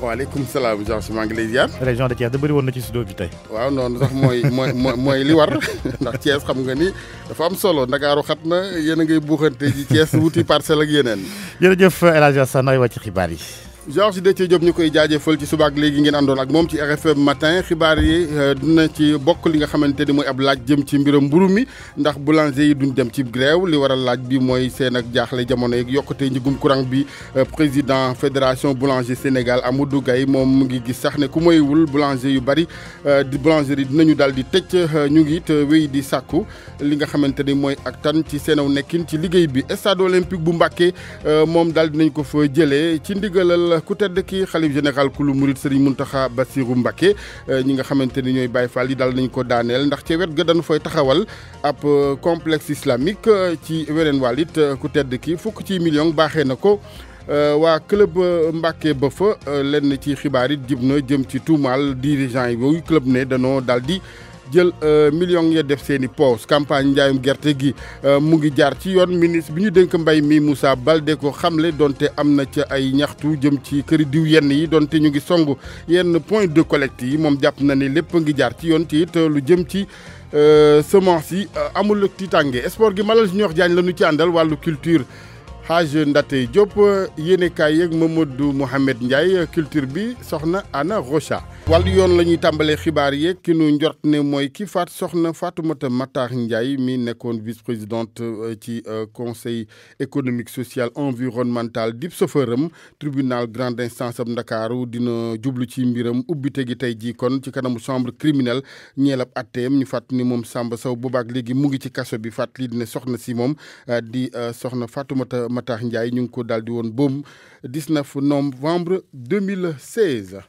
waaleykum salaamu Jean si maa ngi lay ziar. région de Thiès da bëri woon na ci studio bi tey. waaw noonu sax mooy mooy mooy li war ndax Thiès xam nga ni dafa am solo ndagaaru xat na yéen a ngay buuxante ji Thiès wuti parcelle ak yeneen. jërëjëf El Hadj Assane nooy ci xibaar yi. Georges Déthié Diop ñukoy koy jaajëfal ci subaak légui ngeen àndoon ak mom ci RFM matin xibaar yi euh, dina ci bokk li nga xamanteni moy ab laaj jëm ci mbiram mburu mi ndax boulanger yi duñ dem ci grève li waral laaj bi moy seen ak jaxlé jamono yeeg yokkute njëgum courant bi euh, président fédération boulanger Sénégal Amadou Gaye mom mu ngi gis sax ne ku wul boulanger yu bari euh, di boulangerie dinañu dal di tecc ñu ngi te wéy di sakku li nga xamanteni moy ak tan ci seenaw nekkin ci liggéey bi stade olympique bu mbacké mom dal dinañ ko fa jëlé ci ndigalal ku tedd ki xalif général kulu murid Serigne Mountakha Bassirou Mbacké euh, ñi nga xamante ni ñooy Baye Fall yi daal nañ ko daaneel ndax ca wet ga danu fay taxawal ab euh, complexe islamique euh, ci weneen wàll it ku tedd ki fukk ci million baaxee na ko waa club Mbàkke ba fa lenn ci xibaar it jib na jëm ci tuumaal dirigeant yooyu club ne danoo daal di jël euh, million ya def seeni i poos campagne njaayum gerte gi euh, mu ngi jaar ci yoon ministre bi ñu denk mbay mi Moussa Baldé ko xamle donte am na ci ay ñaxtu jëm ci këri diw yenn yi donte ñu ngi song yenn point de collect yi moom jàpp na ne lépp ngi jaar ci yoon ci it euh, lu jëm ci semence yi amul tiitànge sport gi Malal Junior Diagne la ñu ci àndal wàllu culture Haj Ndate Diop yéenekaay yeeg Mamadou Mohamed Ndiaye culture bi soxna ana Rocha wàllu yon lañuy tambalé tàmbalee xibaar yeeg ki nu njort ne moy ki faat soxna Fatoumata Matar Ndiaye mi nekkone vice-présidente euh, ci euh, conseil économique social environnemental dip sofëram tribunal grande instance ab Dakar, dina djublu ci mbiram ubité gi tay ji kon ci kanam chambre criminelle ñeel ab ñu fàtt ni mom Samba saw boobaak léegi mu ngi ci kaso bi li ne soxna si mom euh, di soxna Fatoumata Ndiaye ñu ko 19 novembre 2016.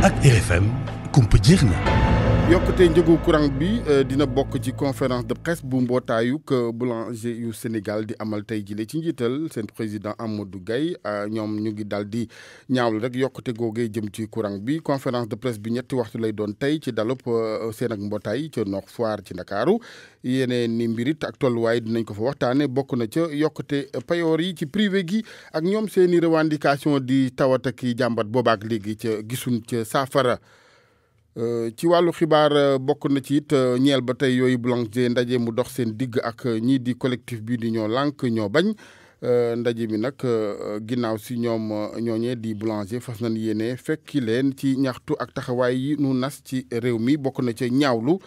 ak RFM yokute njëgu courant bi euh, dina bokk ci conférence de presse bu boulanger yu Sénégal di amal tey jile ci njital sen président Amadou Gaye euh, ñom ñu ngi daldi di rek yokute googee jëm ci courant bi conférence de presse bi ñetti waxtu lay doon tay ci dalop euh, sen ak mbotay ci Nord Foire ci Ndakaaru yene ni mbirit ak tolluwaay dinañ ko fa waxtane bokk na ci yokute payor yi ci privé gi ak ñom seeni revendication di tawat ak jàmbat boobaak léegi Euh, ci wàllu xibaar euh, bokk na ci it euh, ñeel ba tey yooyu boulanger ndaje mu dox seen digg ak ñii di collectif bii di ñoo lànk ñoo bañ ndaje mi nag ginnaaw si ñoom ñooñee di boulanger fas nañ yéene fekki leen ci ñaxtu ak taxawaay yi nu nas ci réew mi bokk na ca ñaawlu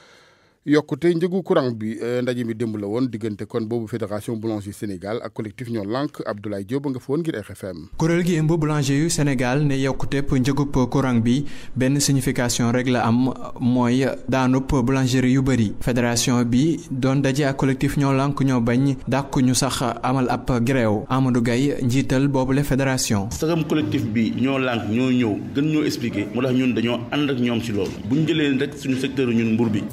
yokkute njëgu courant bi euh, ndaje mi démb la woon diggante kon boobu fédération boulanger Sénégal ak collectif ñoo lànk Abdoulaye Diop nga fa woon ngir RFM. kuréel gi ëmb boulanger yu Sénégal ne yokkuteb njëgub courant bi benn signification rek la am mooy daanub boulangerie yu bëri fédération bi doon daje ak collectif ñoo lànk ñoo bañ dàkku ñu sax amal ab grève Amadou Gaye njiital boobu boobule fédération. sagam collectif bi ñoo lànk ñoo ñëw gën ñoo expliqué moo tax ñun dañoo ànd ak ñoom si loolu bu ñu jëlee rek suñu secteur ñun mbur bi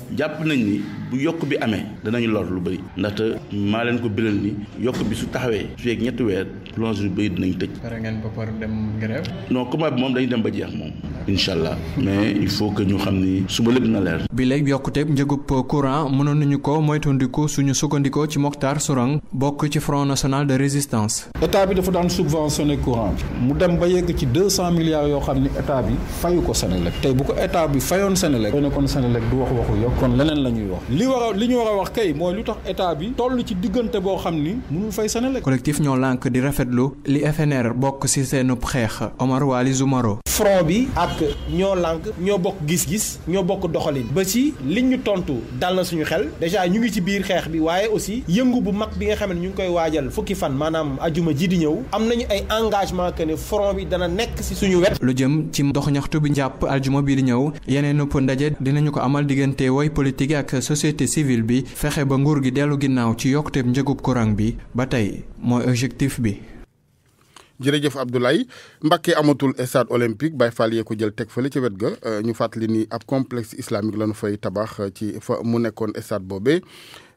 ni bu yokk bi amee danañ lor lu bëri ndaxte maa leen ko biral ni yokk bi su taxawee su yeeg ñetti weer plonge lu bëri dinañ tëj. pare ngeen ba par dem grève. non combat bi moom dañu dem ba jeex moom. incha mais il faut que ñu xamni ni suba lépp na leer. bi lay yokkuteeg njëgub courant mënon nañu ko moytandiku suñu sukkandikoo ci Mokhtar Sorang bokk ci front national de résistance. état bi dafa daan subventionné courant mu dem ba yegg ci 200 milliards yo xamni état bi fayu ko Senelec tey bu ko état bi fayoon sénégal fay kon sénégal du wax waxu yokk kon leneen la wax. li war li ñu war wax kay moy lutax état bi tollu ci diggante bo xamni mënu fay sénégal collectif ñoo lank di rafetlu li FNR bokk ci seen xex Omar Wali Zoumaro. front bi ak que ñoo lànk ñoo bokk gis-gis ñoo bokk doxalin ba ci liñ ñu tontu dal na suñu xel déjà ñu ngi ci biir xeex bi waaye aussi yëngu bu mag bi nga xam ne ñu ngi koy waajal fukki fan maanaam ajuma ji di ñëw am nañu ay engagement que ne front bi dana nekk ci suñu wet. lu jëm ci dox ñaxtu bi njàpp aljuma bi di ñëw yeneen ëpp ndaje dinañu ko amal diggante woy politique ak société civile bi fexe ba nguur gi dellu ginnaaw ci yokkuteeb njëgu courant bi ba tey mooy objectif bi. jërëjëf Abdoulaye Mbacké amatul stade olympique bay Fall yee ko jël teg fële ca wet ga euh, ñu fàttali ni ab complexe islamique la ñu fay tabax euh, ci fa mu nekkoon stade boobee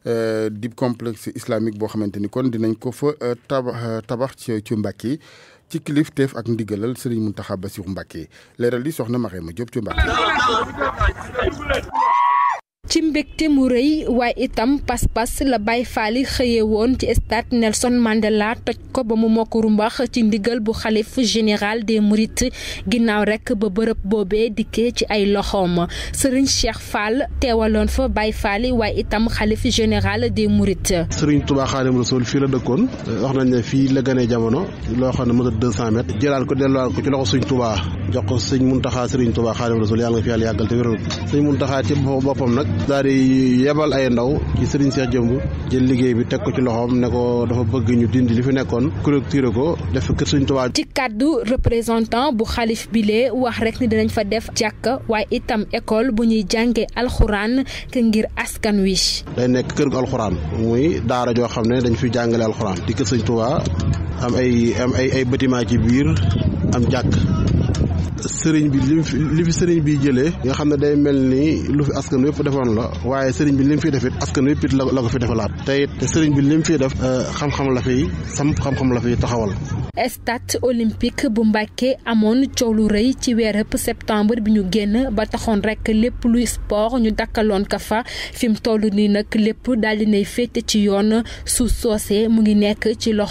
euh, di complexe islamique boo xamante ni kon dinañ ko fa tabax tabax ci Mbacké ci teef ak ndigalal Serigne Mountakha Bassirou Mbacké leeral yi soxna ma Diop ci Mbacké ci mbégte mu rëy waaye itam pas-pas la bay Fall xëye woon ci stade Nelson Mandela toj ko ba mu mokk rumbax ci ndigal bu xalif général des mourites ginnaaw rek ba bërëb boobee dikkee ci ay loxoom Serigne Cheikh Fall teewaloon fa bay Fall yi waaye itam xalif général des mourites Serigne Touba Xaadimu rasoul fii la dëkkoon wax nañ ne fii la gënee jamono loo xam ne mën na 200 mètres jëlaat ko delluwaat ko ci loxo Serigne Touba jox ko Serigne Mountakha Serigne Touba Xaadimu rasoul yàlla nga fi yàlla yàggal te wéral Serigne Mountakha ci boppam nag daal di yebal ay ndaw ci Serigne Cheikh Jëmb jël liggéey bi teg ko ci loxoom ne ko dafa bëgg ñu dindi li fi nekkoon clôturer ko def kër Serigne Touba. ci kàddu représentant bu xalif bile wax rek ni dinañ fa def jàkka waaye itam école bu ñuy jàngee alxuraan ke ngir askan wi. day nekk kër gu alxuraan muy daara joo xam ne dañ fi jàngale alxuraan di kër Serigne Touba am ay am ay ay bâtiment ci biir am jàkk. sëriñ bi li fi li fi sëriñ bi jëlee nga xam ne day mel ni lu fi askan wépp defoon la waaye sëriñ bi li mu fiy defit askan wépp it la ko fi defalaat te it sëriñ bi li mu fiy def euh, xam-xam la fi samp xam-xam la fi taxawal Estat olympique bu Mbàkke amoon coow ci weerëb septembre bi ñu génn ba taxoon rek lépp luy sport ñu dakkaloon ka fa fi mu ni nii nag lépp daal ci yoon sous mu ngi nekk ci lo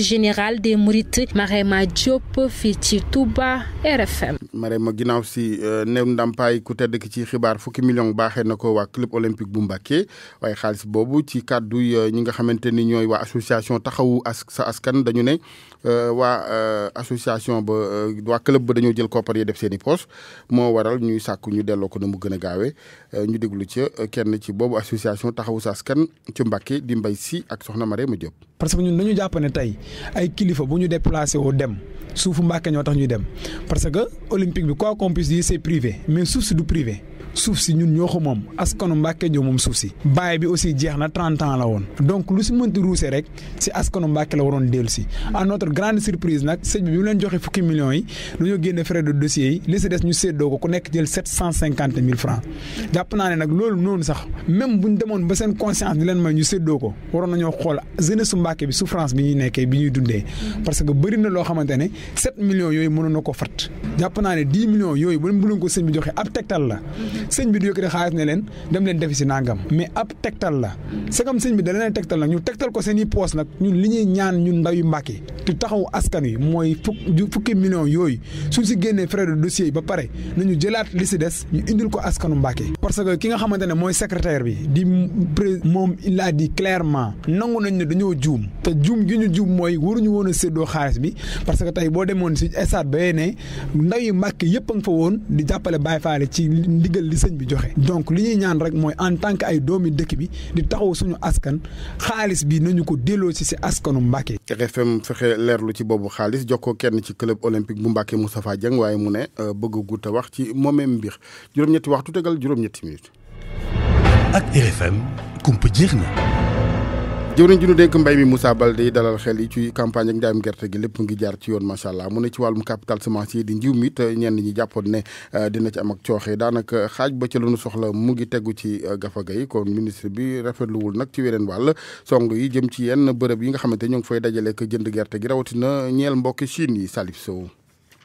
général des Mourides Marema Diop fi ci Touba RFM. Marema ginaaw si euh, néew ndampay ku tedd ci xibaar fukki million baaxee nako ko club olympique bu Mbàkke waaye Bobu, boobu ci euh, ñi nga ni wa association taxawu as askan dañu ne. Euh, waa euh, association ba euh, waa club ba dañoo jël koppar def seen i poche moo waral ñuy sàkku ñu delloo ko na mu gën a gaawee ñu déglu ca kenn ci boobu association taxawu sa askan ci Mbàkke di mbay si ak soxna Marème Diop. parce que ñun dañu jàpp ne tey ay kilifa bu ñu déplacé woo dem suufu Mbàkke ñoo tax ñuy dem parce que olympique bi quoi qu'on puisse dire c'est privé mais suuf si du privé. suuf si ñun ñoo ko moom askanu Mbàkke ñoo moom suuf si baay bi aussi jeex na trente ans la woon donc lu si mënti ruuse rek si askanu Mbàkke la waroon dellu si à notre grande surprise nag sëñ bi bi mu leen joxe fukki millions yi dañoo génne frais de dossier yi ko ku nekk jël sept cent cinquante mille francs jàpp naa ne nag loolu noonu sax même buñ demoon ba seen conscience di leen may ñu séddoo ko waroon nañoo xool jeunesse su Mbàkke bi souffrance bi ñuy nekkee bi ñuy dundee parce que bëri loo xamante ne sept millions yooyu mënoon na ko fat jàpp naa ne dix millions yooyu bu leen ko sëñ bi la sëñ bi du yëkkati xaalis ne leen dem leen defi si nangam mais ab tegtal la segam sëñ bi da leen tegtal nag ñu tegtal ko seen i poos nag ñun li ñuy ñaan ñu ndaw yu Mbàkke te taxaw askan wi mooy fukki millions yooyu suñ si génnee frais de dossier yi ba pare nañu jëlaat li si des ñu indil ko askanu Mbàkke parce que ki nga xamante ne mooy secrétaire bi di moom il a dit clairement nangu nañ ne dañoo juum te juum gi ñu juum mooy waruñu woon séddoo xaalis bi parce que tey boo demoon si stade ba ne ndaw yu Mbàkke yëpp fa woon di jàppale Baye Fall ci sëñ bi joxe donc li ñuy ñaan rek mooy en tant que ay doomi dëkk bi di taxaw suñu askan xaalis bi nañu ko delloo ci si askanu Mbàkke RFM fexe leerlu ci boobu xaalis jox ko kenn ci club olympique bu Mbàkke Moustapha Dieng waaye mu ne euh, bëgg guuta wax ci moomeem mbir juróom waxtu tegal juróom-ñetti ak RFM kumpa jeex na jëwriñ ju ñu dénk mbay mi Moussa Baldé dalal xel yi ci campagne ak njaayum gerte gi lépp ngi jaar ci yoon macha mu ne ci wàllum capital di njiw mi ñenn ñi jàppoon ne euh, dina ci am ak cooxe daanaka xaaj ba ca lu soxla mu ngi ci euh, kon ministre bi rafetluwul nag ci weneen wàll song yi jëm ci yenn bërëb yi nga xamante ñoo ngi fay dajale ak jënd gerte gi ñeel Chine yi Salif Sow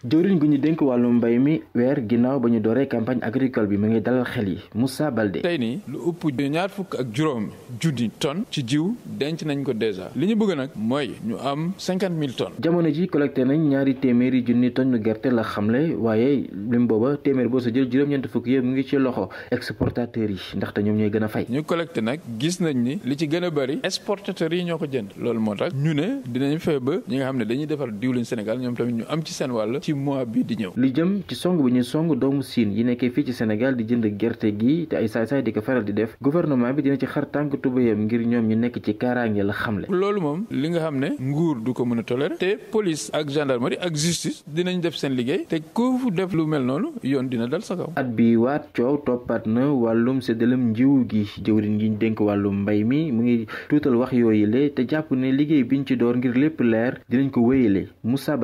jëwriñ gu ñu dénk wàllu mbay mi weer ginnaaw ba ñu dooree campagne agricole bi mu ngi dalal xel yi Moussa Baldé. tey nii lu ëpp ñaar fukk ak juróom junni ton ci jiw denc nañ ko dèjà li ñu bëgg nag mooy ñu am cinquante mille tonnes. jamono ji collecté nañ ñaari téeméeri junni tonnes yu gerte la xamle waaye lim booba téeméer boo sa jël juróom-ñeent fukk yëpp mu ngi ci loxo exportateurs yi ndaxte ñoom ñooy gën a fay. ñu collecté nag gis nañ ni li ci gën a bëri exportateurs yi ñoo ko jënd loolu moo tax ñu ne dinañ fexe ba ñi nga xam ne dañuy defar diwlin Sénégal ñoom tamit ñu am ci seen wàll ci mois bi di ñëw. li jëm ci song bi ñu song doomu siin yi nekkee fii ci Sénégal di jënd gerte gi te ay saay-saay di ko faral di def gouvernement bi dina ci xar tànk tubéyam ngir ñoom ñu nekk ci kaaraange la xamle. loolu moom li nga xam ne nguur du ko mën a tolérer te polis ak gendarmerie ak justice dinañ def seen liggéey te ku def lu mel noonu yoon dina dal sa kaw. at bi waat coow toppaat na wàllum séddalem njiw gi jëwriñ gi ñu dénk wàllum mbay mi mu ngi tuutal wax yooyu le te jàpp ne liggéey biñ ci door ngir lépp leer dinañ ko wéyale Moussa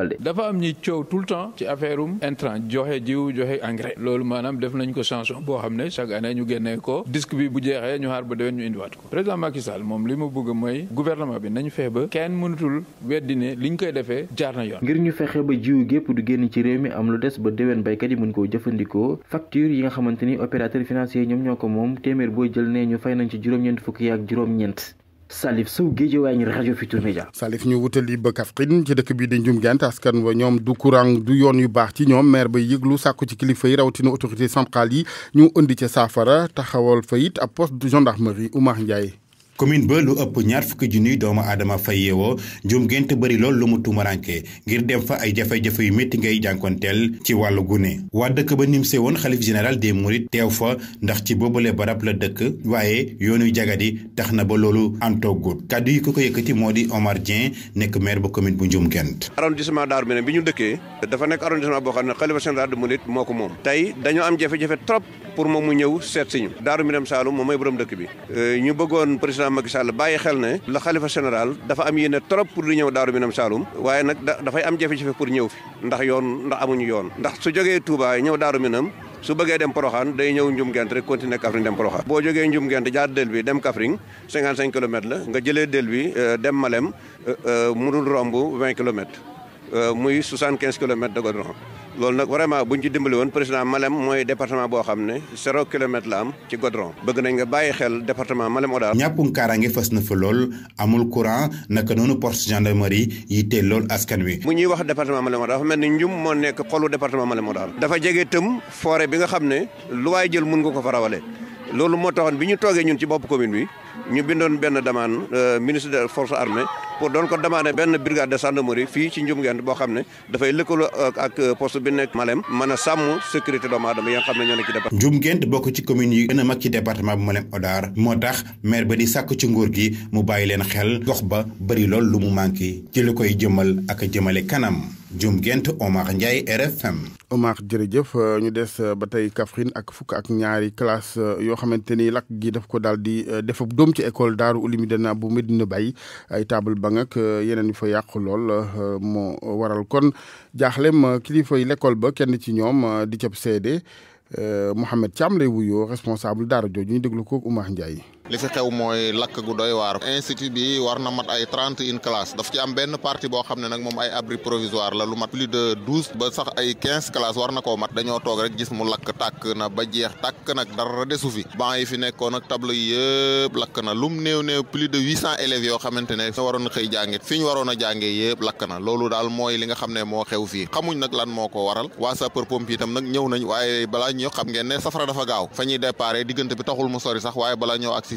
temps ci affaire um intrant joxe jiw joxe engrais loolu maanaam def nañ ko chanson boo xam ne chaque année ñu génnee ko disque bi bu jeexee ñu xaar ba déwén ñu indiwaat ko président Macky Sall moom li mu bëgg mooy gouvernement bi nañu fexe ba kenn mënatul weddi ne li ñu koy defee jaar na yoon. ngir ñu fexe ba jiw gépp du génn ci réew mi am lu des ba déwén baykat yi mën koo jëfandikoo facture yi nga xamante ni opérateur financier ñoom ñoo ko moom téeméer boo jël ne ñu fay nañ ci juróom-ñeent fukki ak juróom Salif Sow Guédiawaye ñu rajo Futurs Médias Salif ñu wutali ba Kaffrine ci dëkk bii di Ndioum Gént askan wa ñoom du courant du yoon yu baax ci ñoom maire ba yëglu sàkku ci kilifa yi rawatina autorité centrale yi ñu indi ca saafara taxawal fa it ab poste de gendarmerie Oumar Ndiaye commune ba lu ëpp ñaar fukki junniy doomu aadama fay yeewoo njuum gént bëri lool lu mu tumaranke ngir dem fa ay jafe-jafe yu métti ngay jànkonteel ci wàllu gune waa dëkk ba nimse woon xalif général des mourides teew fa ndax ci boobule barab la dëkk waaye yoonu jagadi tax na ba loolu antoogut kàddu yi ko ko yëkkati moo di Omar Dieng nekk maire bu commune bu njuum gént arrondissement Darou Minane bi ñu dëkkee dafa nekk arrondissement boo xam ne xalifa général des mourides moo ko moom tey dañoo am jafe-jafe pour moom mu ñëw seet si ñu Darou Minane Saloum moom dëkk bi euh, président Macky Sall bàyyi xel ne la xalifa général dafa am yéene trop pour di ñëw Daaru Minam Saalum waaye nag dafay am jafe-jafe pour ñëw fi ndax yoon ndax amuñu yoon ndax su jógee Touba ñëw Daaru Minam su bëggee dem Poroxaan day ñëw Njum Gent rek continuer Kaffrine dem Poroxaan boo jógee Njum Gent jaar del bi dem Kaffrine 55 kilomètres la nga jëlee del bi euh, dem Malem euh, euh, mënul romb 20 kilomètres Eh, muy 75 km de goudron loolu nag vraiment buñ ci dimbali woon président Malem mooy département boo xam ne zéro kilomètre la am ci godron bëgg nañ nga bàyyi xel département Malem Odar ñàkkum kaaraange fës na fa lool amul courant naka noonu poste gendarmerie yi teel lool askan wi bu ñuy wax département Malem Odar dafa mel ni njum moo nekk xolu département Malem Odar dafa jege tëm forêt bi nga xam ne lu waay jël mun nga ko fa rawale loolu moo taxoon bi ñu ñun ci bopp commune bi ñu demande euh, ministre de force armée pour doon ko demander benn brigade de gendarmerie fii ci Ndioumguène boo xam ne dafay lëkkaloo euh, ak euh, poste bi nekk Malem mën a sàmm sécurité doomu aadama yi nga xam ne ñoo nekk ci département. Ndioumguène bokk ci commune yi gën a mag ci département bu Malem Hodar moo tax maire ba di sàkk ci nguur gi mu bàyyi leen xel gox ba bëri lool lu mu manqué ci lu koy jëmal ak a jëmale kanam Ndioumguène Omar Ndiaye RFM. Omar jërëjëf euh, ñu des euh, ba tey Kaffrine ak fukk ak ñaari classe euh, yoo xamante ni lakk gi daf ko daal di def ab doom ci école Daaru Ulumi Dana bu Medina bay ay taabal ba ngak yeneen yu fa yàqu lool moo waral kon jaaxlem kilifa yi l'école ba kenn ci ñoom di cab seede Mouhamed Thiam lay wuyoo responsable daara jooju ñu déglu ko Oumar Ndiaye. li fi xew mooy lakk gu doy waar institut bi war na mat ay trente une classe daf ci am benn partie boo xam ne nag moom ay abri provisoire la lu mat plus de douze ba sax ay quinze classes war na koo mat dañoo toog rek gis mu lakk tàkk na ba jeex tàkk nag dara desu fi banc yi fi nekkoon ak table yi yëpp lakk na lum néew néew plus de huit cent élèves yoo xamante ne fi waroon a xëy jàngit fi ñu waroon a jàngee yëpp lakk na loolu daal mooy li nga xam ne moo xew fii xamuñ nag lan moo ko waral waa sapeur pompier itam nag ñëw nañ waaye balaa ñëw xam ngeen ne safara dafa gaaw fa ñuy déparé diggante bi taxul mu sori sax waaye balaa ñëw agsi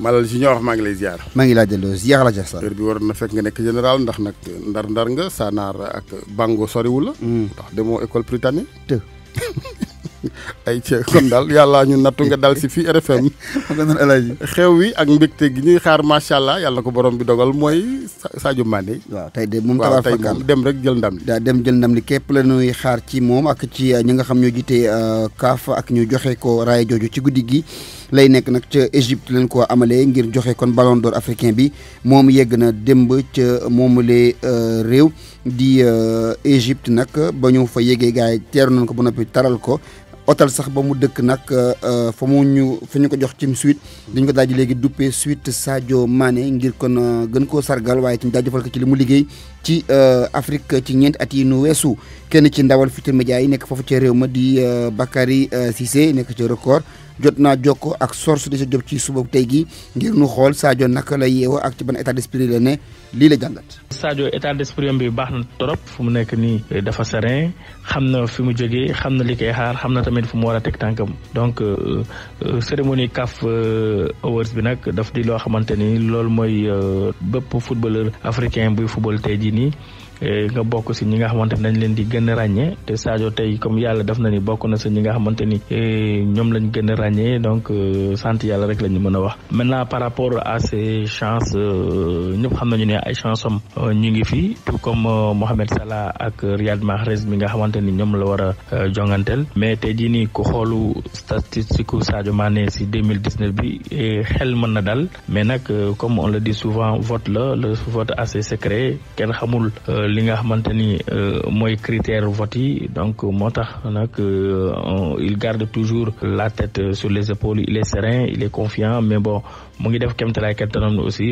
Mal Junior maa ngi lay ziar. maa ngi laa delloo ziar la jeex heure bi war na fekk nga nekk général ndax nag ndar-ndar nga Sanaar ak Bango soriwu la. Mm. ndax Demo école Prytanée. të. ay cee kon daal yàlla ñu nattu nga dal si fii RFM. xew wi ak mbégte gi ñuy xaar macha allah yàlla ko borom bi dogal mooy Sadio Mané. waaw tey de moom tabaar tey dem rek jël ndam li. dem jël ndam li képp la ñuy xaar ci moom ak ci ñi nga xam ñoo jiite kaaf euh, ak ñu joxe ko raaya jooju ci guddi gi. lay nekk nag ca Égypte leen ko amalee ngir joxe kon ballon d'or africain bi moom yegg na démb ca moomulee euh, réew di euh, Égypte nag ba ñu fa yeggee gars yi teer nañ ko ba noppi taral ko otal sax ba mu dëkk nag euh, fa mu ñu fa ñu ko jox cim suite dañ ko daaj léegi duppee suite Sadio maane ngir kon gën koo sargal waaye itam jaajëfal ko ci li mu liggéey ci euh, Afrique ci ñeent at yi nu weesu kenn ci ndawal Futurs Médias yi nekk foofu ca réew ma di euh, Bakary euh, Cissé nekk ci record jot naa jokko ak source de sa job ci suba tey gi ngir nu xool saajo naka la yeewoo ak ci ban état d'esprit la ne lii la jàngat. Sadio état d'esprit bi baax na trop fu mu nekk nii dafa serein xam na fi mu jógee xam na li kay xaar xam na tamit fu mu war a teg tànkam donc cérémonie CAF Awards bi nag daf di loo xamante ni loolu mooy bépp footballeur africain buy ali Eh, nga bokk si ñi nga xamante nañ leen di gën a ràññee te Sadio tey comme yàlla def na ni bokk na sa ñi nga xamante ni eh, ñoom lañ gën a ràññee donc euh, sant yàlla rek la ñu mën a wax. maintenant par rapport à ces chances euh, ñëpp xam nañu ne ay chance am euh, ñu ngi fi tout comme Mohamed Salah ak Riyad Mahrez mi nga xamante ni ñoom la war a jonganteel mais tey jii nii ku xoolu statistique ku Sadio Mané si 2019 bi eh, xel mën na dal mais nag comme on le dit souvent vote la le vote assez secret kenn xamul li nga xamante ni euh, critère vote donc moo tax euh, il garde toujours la tête sur les épaules il est serein il est confiant mais bon mu ngi def kemtalaay kattanam aussi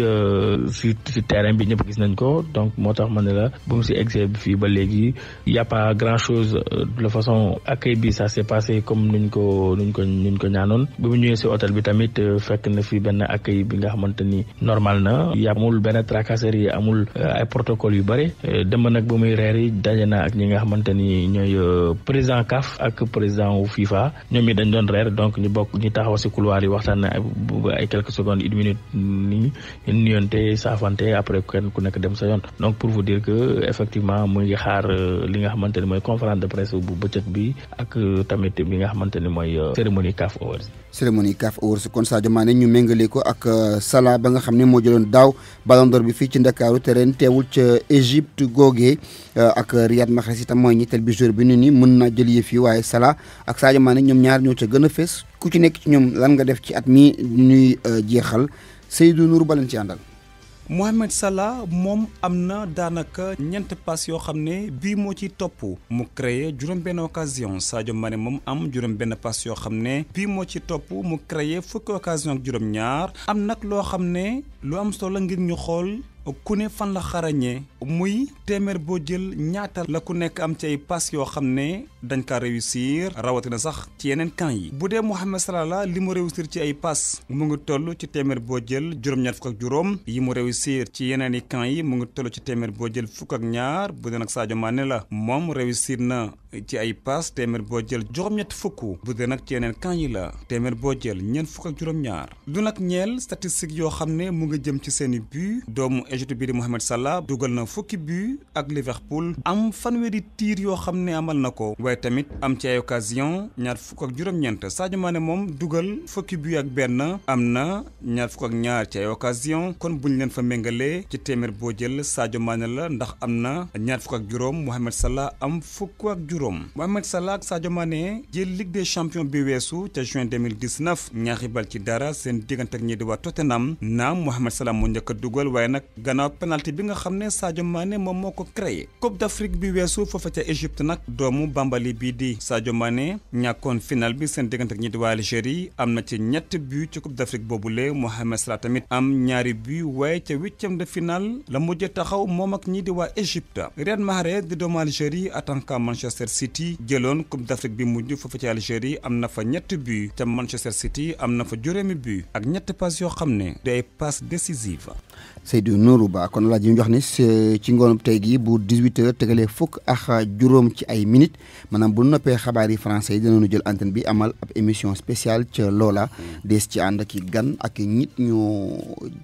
si si terrain bi ñëpp gis nañ ko donc moo tax la bu mu si exee eh, bi fii ba léegi y a pas grand chose euh, de la façon accueil bi ça s'est passé comme nuñ ko nuñ ko nuñ ko ñaanoon bi mu ñëwee si hôtel bi tamit euh, fekk na fi benn accueil bi nga xamante normal na y amul benn tracasserie amul euh, ay protocole yu bari dem nag bu muy reer yi daje na ak ñi nga xamante ni président CAF ak président FIFA ñoom it dañ doon reer donc ñu bokk ñu taxaw si couloir yi ay quelques doon une minute ni nuyonte saafante après kenn ku nekk dem sa yoon donc pour vous dire que effectivement mu ngi xaar euh, li nga xamante ni mooy conférence de presse bu bëccëg bi ak euh, tamit bi nga xamante ni mooy euh, cérémonie CAF Awards cérémonie CAF Awards kon Sadio Mané ñu méngale ko ak euh, salaa ba nga xam ne moo jëloon daaw Ballon d'Or bi fii ci Ndakaaru te ren teewul ca Égypte googee euh, ak Riyad Mahrez itam mooy ñetteel bi joueur bi nu nii mën naa jël fii waaye Salah ak Sadio Mané ñoom ñaar ñoo ca gën a fees ku ci nekk ci ñoom lan nga def ci at mi ñuy euh, jeexal Seydou Nourou Balen ci àndal Mohamed Salah moom am na daanaka ñeent pass yoo xam ne bii moo ci topp mu créé juróom-benn occasion ma ne moom am juróom-benn pass yoo xam ne bii moo ci topp mu créé fukki occasion ak juróom-ñaar am nag loo xam ne lu am solo ngir ñu xool ku ne fan la xarañee muy téeméer boo jël ñaata la ku nekk am ci ay pass yoo xam ne dañ kaa réussir rawatina sax ci yeneen camp yi bu dee moo Mouhamed la li mu réussir ci ay pass mu ngi toll ci téeméer boo jël juróom-ñaar fukk ak juróom yi mu réussir ci yeneen i camp yi mu ngi toll ci téeméer boo jël fukk ak ñaar bu dee nag Sadio Mané la moom réussir na ci ay paas téeméer boo jël juróom-ñetti fukk bu dee nag ci yeneen kan yi la téeméer boo jël ñeent fukk ak juróom-ñaar du nag ñeel statistique yoo xam ne mu nga jëm ci seeni but doomu Égypte bi di Mohamed Salah dugal na fukki but ak Liverpool am fanweeri tiir yoo xam ne amal na ko waaye tamit am ci ay occasion ñaar fukk ak juróom-ñeent Sadio moom dugal fukki but ak benn am na ñaar fukk ak ñaar ci ay occasion kon buñ leen fa méngalee ci téeméer boo jël Sadio Mané la ndax am na juróom Mohamed Salah ak Sadio Mané jël Ligue des champions bi weesu ca juin 2019 ñaari bal ci dara seen diggante ak ñi di waa Tottenham naam Mohamed Salah moo njëkk a dugal waaye nag gannaaw penalti bi nga xam ne Sadio Mané moom moo ko créé Coupe d'Afrique bi weesu foofa ca Égypte nag doomu Bambali bii di Sadio Mané ñàkkoon final bi seen diggante ak ñi di waa Algérie am na ci ñett but ci Coupe d'Afrique boobule Mohamed Salah tamit am ñaari but waaye ca huitième de finale la mujj taxaw moom ak ñi di waa Égypte Riyad Mahrez di doomu Algérie attaquant Manchester City jëloon Coupe d'Afrique bi mujj foofu ci Algérie am na fa ñetti but te Manchester City am na fa juróomi but ak ñett pass yoo xam ne de day passe décisive. Seydou Nourou Ba kon laaj yi ñu wax ni ci ngoonu tey gi bu 18h tegalee fukk ak juróom ci ay minutes maanaam bu noppee xabaar yi français yi dinañu jël antenne bi amal ab émission spéciale ca loola dees ci ànd ak i gan ak i nit ñu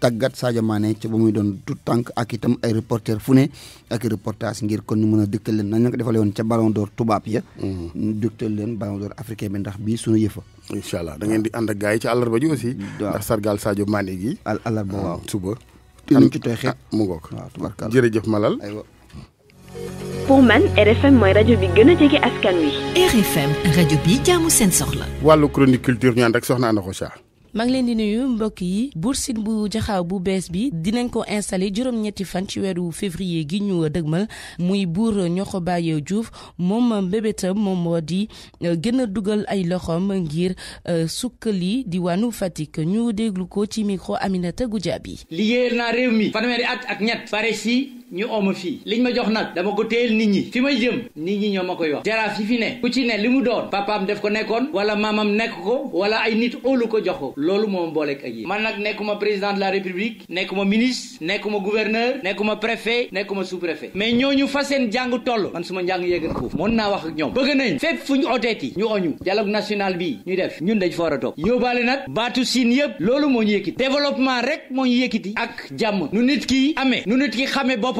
tàggat Sadio Mané ci ba muy doon tout tànk ak itam ay reporter fu ne. ak reportage ngir kon ñu mën a dëgtal leen nañ ko defale woon ca ballon d'or tubaab ya hmm. ñu dëgtal leen ballon d'or africain bi ndax bii suñu yëfa inshallah da ngeen di ak ci ji aussi ndax sargal sadio mané gi al àllarba hmm, waaw suba ñu ci toy xeet ah, mu malal aywa pour man RFM mooy rajo bi gën a askan wi RFM rajo bi jaamu seen soxla wàllu chronique culture ñu ak soxna Ana Rocha maa ngi leen di nuyu mbokk yi bursin bu jaxaaw bu bees bi dinañ ko installé juróom-ñetti fan ci weeru février gi ñu dëgmal muy buur ñoxo Baye Diouf moom mbébétam moom moo di euh, gën a dugal ay loxoom ngir euh, sukkali wanu Fatick ñu déglu ko ci micro Aminata Goudiaby. liggéey naa réew mi fanweeri at ak ñett pare ñu ooma fii liñ ma jox nag dama ko téyel nit ñi fi may jëm nit ñi ñoo ma koy wax jaraaf yi fi ne ku ci ne li mu doon papaam def ko nekkoon wala maamam nekk ko wala ay nit óolu ko jox ko loolu moom booleeg yi man nag nekkuma président de la république nekkuma ministre nekkuma gouverneur nekkuma préfet nekkuma sous-préfet mais ñooñu fa seen jàng toll man su ma njàng yegg na foofu naa wax ak ñoom bëgg nañ fépp fu ñu oteeti ñu oñu dialogue national bi ñu def ñun dañ fa war a toog yóbbaale nag baatu siin yëpp loolu moo ñu yëkkiti développement rek moo ñu yëkkiti ak jàmm nu nit ki amee nu nit ki xame bopp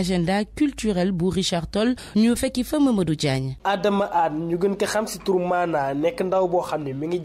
agenda culturel bu Richard Toll ñu fait fa Mamadou Diagne. Adama Anne ñu gën ko xam si tour maanaa nek ndaw bo xamni mi ngi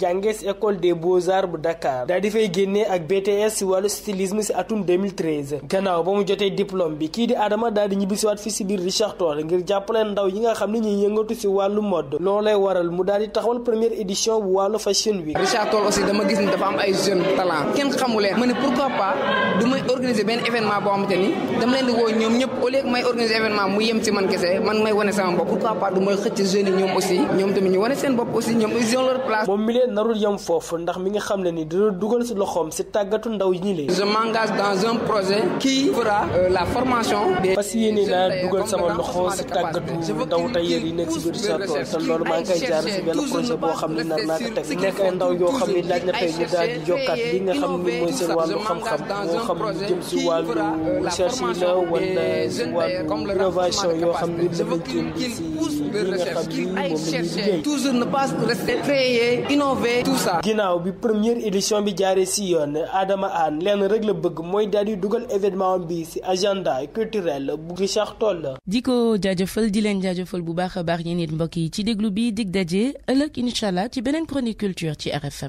école des beaux arts bu Dakar daal di fay génnee ak BTS si wàllu stylisme ci atum 2013 gannaaw ba mu jotté diplôme bi ki di Adama daal di ñibbisiwaat fi ci Richard Toll ngir jappalé ndaw yi nga xamni ñi ñuy yëngatu si mode lolé waral mu daal di taxawal première édition bu fashion week. Richard Toll aussi dama gis ni dafa am ay jeunes talent kenn xamulé mané pourquoi pas dumay organiser ben événement boo xamante ni dama leen di wo ñom ñëpp au lieu que may organiser mu yem ci man man may wane sama bopp pourquoi pas ñoom aussi ñoom tamit ñu wane seen bopp aussi ñoom ils ont foofu ndax mi nga xam ne ni dina dugal ci loxoom ci tàggatu ndaw yi ñu leen. je projet qui fera euh, la formation. fas yéene naa dugal sama loxo ci tàggatu ndaw tailleur yi nekk si biir Richard-Toll loolu maa ngi koy jaar ci projet boo xam ne nar naa ko teg nekk ay ndaw yoo xam ne laaj na tey ñu daal di jokkaat li nga xam ne mooy seen wàllu xam-xam moo xam jëm ci wàllu euh, recherche yi la wala si wàllu innovation yoo xam ne dafay jëm si li nga xam ni moom la ñuy liggéey. toujours ne pas rester créer innover tout ça. ginnaaw bi première édition bi jaaree si yoon Adama Anne lenn rek la bëgg mooy daal di événement bi si agenda culturel bu Richard Toll. di ko jaajëfal di leen jaajëfal bu baax a baax yéen it ci déglu bi dig daje ëllëg incha ci beneen chronique culture ci RFM.